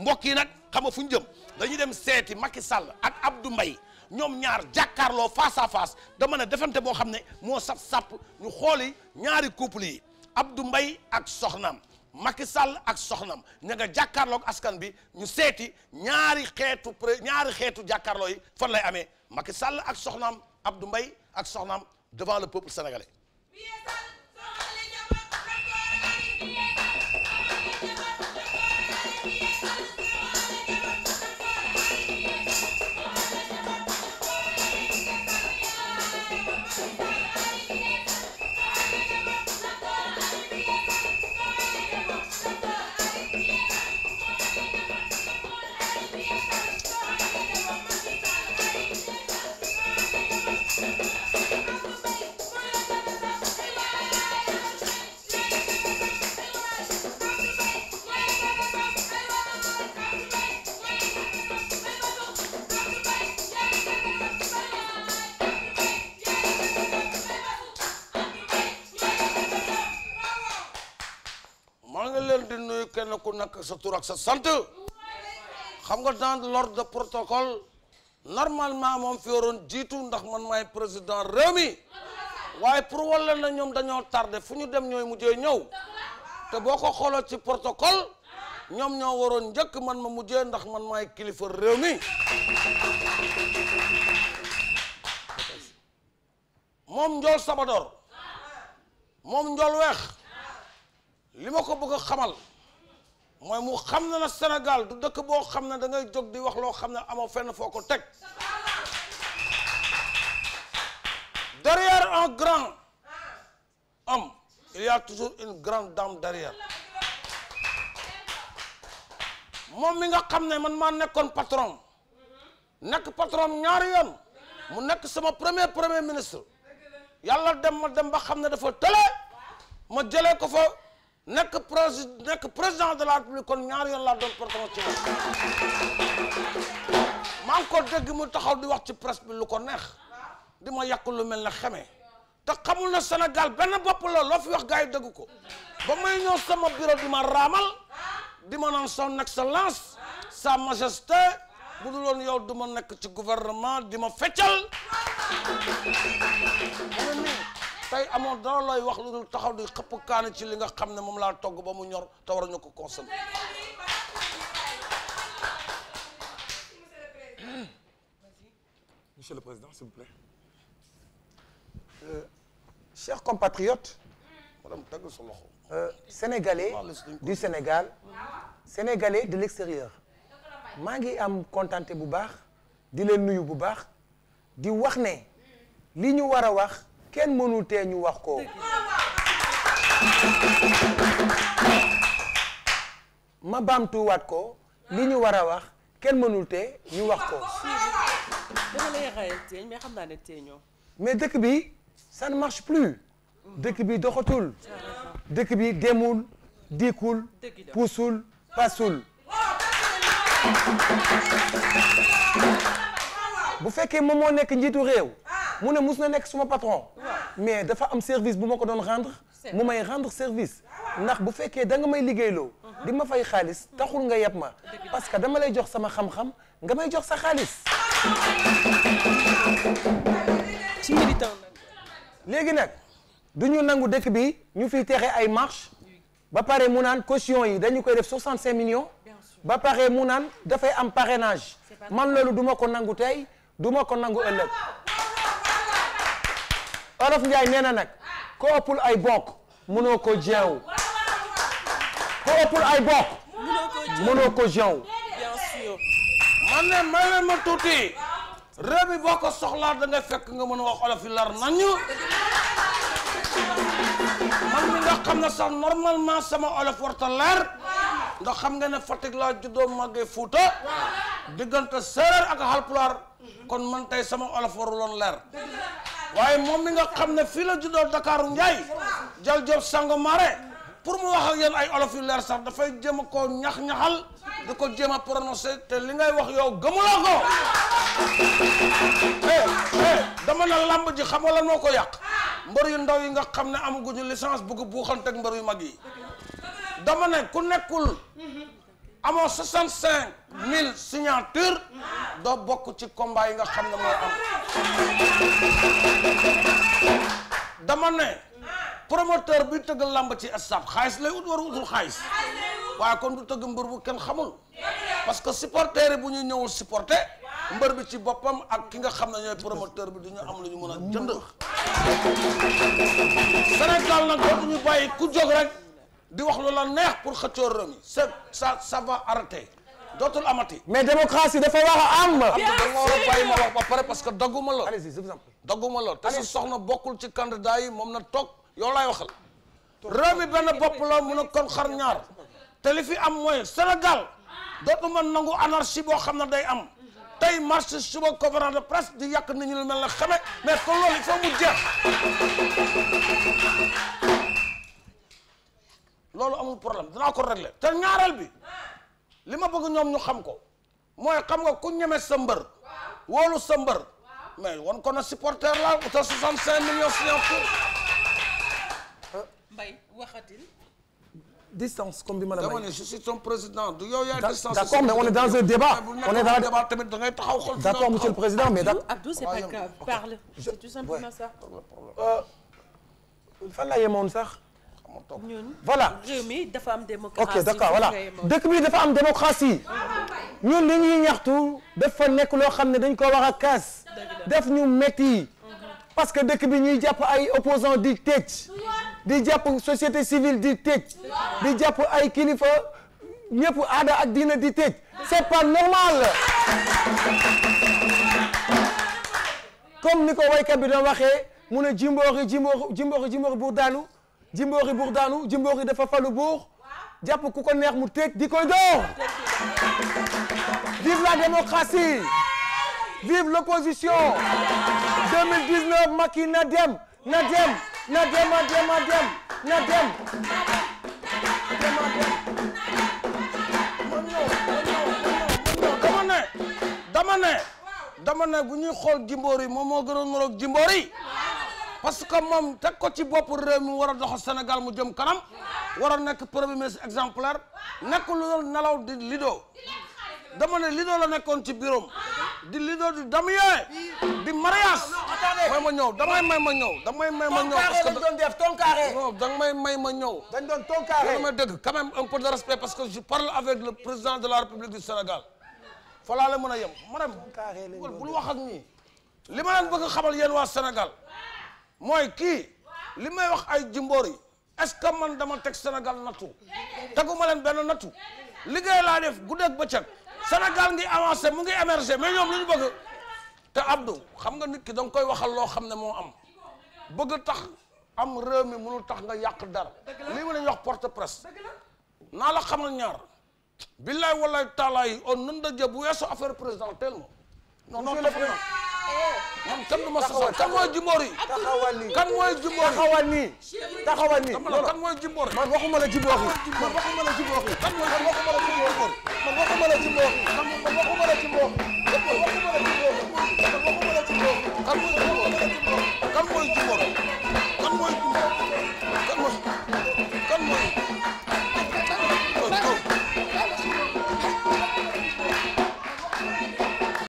mbokk yi nag xam nga fu ñu jëm dañuy dem seeti Macky Sall ak Abdou mbay ñoom ñaar jàkkaarloo face à face dama ne defante boo xam ne moo sap sap ñu xooli ñaari couple yi Abdou mbay ak soxnaam Macky Sall ak soxnam ña nga askan bi ñu seeti ñaari xeetu pré ñaari xeetu jàkkaarloo yi fan lay amee Macky Sall ak soxnaam Abdou mbay ak soxnaam devant le peuple sénégalais na ku nag sa tur sa sant xam nga dans l'ordre de protocole normalement moom fi waroon jiitu ndax man maay président réew mi waaye pour walla na ñoom dañoo tardé fu ñu dem ñooy mujjee ñëw te boo ko xooloo ci protocole ñoom ñoo waroon njëkk man ma mujjee ndax man maay kilifa réew mi moom njool Sabador moom njool weex li ma ko bëgg a xamal mooy mu xam ne na Sénégal du dëkk boo xam ne da ngay jóg di wax loo xam ne amoo fenn foo ko teg derrière un grand homme il y a toujours une grande dame derrière moom mi nga xam ne man maa nekkoon patron nekk patron ñaari yoon mu nekk sama premier premier ministre yàlla dem ma dem ba xam ne defoo tële ma jëlee ko fa nekk presi nekk président de la république kon ñaari yoon laa doon porte ci moom maa ngi ko dégg mu taxaw di wax ci presse bi lu ko neex di ma yàq lu mel ne xeme te xamul na Sénégal benn bopp la loo fi wax gars yi dégg ko ba may ñëw sama bureau di ma raamal di ma naan son excellence sa majesté bu dul woon yow du ma nekk ci gouvernement di ma feccal tey amoon dara looy wax lu taxaw di xëpp kaani ci li nga xam ne moom laa togg ba mu ñor te war ñu ko consommer monsieur le président s'il vous plaît euh, chers compatriotes madame tagg sa loxo euh, sénégalais du Sénégal ah, sénégalais de l'extérieur maa ngi am contenté bu baax di leen nuyu bu baax di wax ne li ñu war a wax kenn mënul tee ñu wax ko ma baamtuwaat ko li ñu war a wax kenn mënul tee ñu wax ko mais dëkk bi ça ne marche plus dëkk bi doxatul dëkk bi demul diikul puusul pasul bu fekkee moom moo nekk njiitu réew mu ne mus na nekk suma patron mais dafa am service bu ma ko doon rendre mu may rendre service ndax bu fekkee da nga may liggéeyloo uh-huh. di ma fay xaalis taxul nga yeb ma parce que dama lay jox sama xam-xam nga may jox sa xaalis ci militant léegi nag du ñu nangu dëkk bi ñu fi texe ay marche ba pare mu naan caution yi dañu koy def 65 millions ba pare mu naan dafay am parrainage man loolu du ma ko nangu tey du ma ko nangu ëllëg Olof Njaay nee na nag ko ay bokk ko jeew ko ëppul ay bokk mënoo man ne may ma tuuti réew mi boo ko nga fekk nga mën a wax olof yi lar nañu man mi nga xam ne sax sama olof warta leer ndax xam nga ne Fatick laa juddoo màggee Fuuta diggante séeréer ak Haalpulaar kon man tey sama olof waruloon leer waaye moom mi nga xam ne fii la juddoo Dakaaru Njaay jal job sango mare pour mu wax ak yéen ay olof yu leer sax dafay jéem koo ñax-ñaxal di ko jéem a prononcé te li ngay wax yow gëmuloo ko eh, eh, dama na làmb ji xam nga lan moo ko yàq mbër yu ndaw yi nga xam ne amaguñu licence bëgg buuxante teg mbër yu mag yi dama ne ku nekkul amoo 65000 signature doo bokk ci combat yi nga xam ne mooy am dama ne promoteur bi tëgg lamb ci stade xaalis lay ut utul xaalis waaye kon du tëgg mbër bu kenn xamul parce que supporter yi bu ñuy ñëwul supporter mbër bi ci boppam ak ki nga xam ne ñooy promoteur bi du ñu am ñu mën a jënd Sénégal nag dootuñu bàyyi ku jóg rek di wax lu la neex pour xëccoo réew mi c' ça ça va dootul amati. mais démocratie dafa war a am. bien am na bàyyi pare parce que dagguma la. allez-y dagguma la te su soxna bokkul ci candidat yi moom na toog yow laay waxal. réew mi benn bopp la mun a kon xar ñaar te li fi am mooy Sénégal dootuma nangu anarchie boo xam ne day am tey marche suba conférence de presse di yàq nit ñi lu mel ne xame mais kon loolu il mu jeex. loolu amul problème dinaa ko régler te ñaareel bi li ma bëgg ñoom ñu xam ko mooy xam nga ku ñeme sa mbër wóolu sa mbër mais wan ko na supporter la te 65 millions signature mbay waxatil distance comme bi ma la dama ne je suis son président du yow yaay distance d'accord mais on est dans un débat on est dans un débat tamit da ngay taxaw xool d'accord monsieur le président mais Abdou c'est pas grave parle c'est tout simplement ça euh, euh, fan la yemoon sax ma toog voilà réew mi dafa am démocratie ok d'accord voilà dëkk bi dafa am démocratie ñun li ñuy ñaxtu dafa nekk loo xam ne dañ ko war a kaas def ñu metti parce que dëkk bi ñuy jàpp ay opposants di tëj di jàpp société di tëj di jàpp ay kilifa ñëpp aada ak diina di tëj c'est pas normal comme ni ko waykat bi doon waxee mu ne jimbooxi jimbooxi jimbooxi jimbooxi daanu Jimbori buur daanu Jimbori dafa falu buur jàpp ku ko neex mu teg di koy door vive la démocratie vive l'opposition 2019 Macky na dem na dem na dem a dem a dem ñuy xool Jimbori moom moo gën a nuroog parce que moom teg ko ci bopp réew mi war a doxal Sénégal mu jëm kanam war a nekk premier ministre exemplaire nekk lu doon nelaw di lido dama ne la nekkoon ci biirom di lido di damyee di mariage may ma ñëw damay may ma ñëw damay may ma ñëw parce que doon def tonkaare non danga may may ma ñëw dañ doon tonkaare damay dëgg quand même un peu de respect parce que je parle avec le président de la République du Sénégal fa laa la mën a yem madame bul wax li ma leen bëgg xamal yéen waa Sénégal mooy kii li may wax ay jimboor yi est man dama teg Sénégal nattu teguma leen benn nattu liggéey laa def guddeeg bëccëg Sénégal ngi avancé mu ngi émerger mais ñoom lu ñu bëgg te Abdou xam nga nit ki danga koy waxal loo xam ne moo am bëgg tax am réew mi mënul tax nga yàq dara lii ma la ñu wax porte presse naa la xamal ñaar billaay wallaay taalaay on nën da jë bu weesu affaire présidentielle ma non non man kan du ma sosal kan mooy Jimbori. taxawal nii kan mooy Jimbori. taxawal nii taxawal nii. kan mooy Jimbori. man waxuma la Jimbori. man waxuma la Jimbori. man waxuma la Jimbori. man waxuma la Jimbori.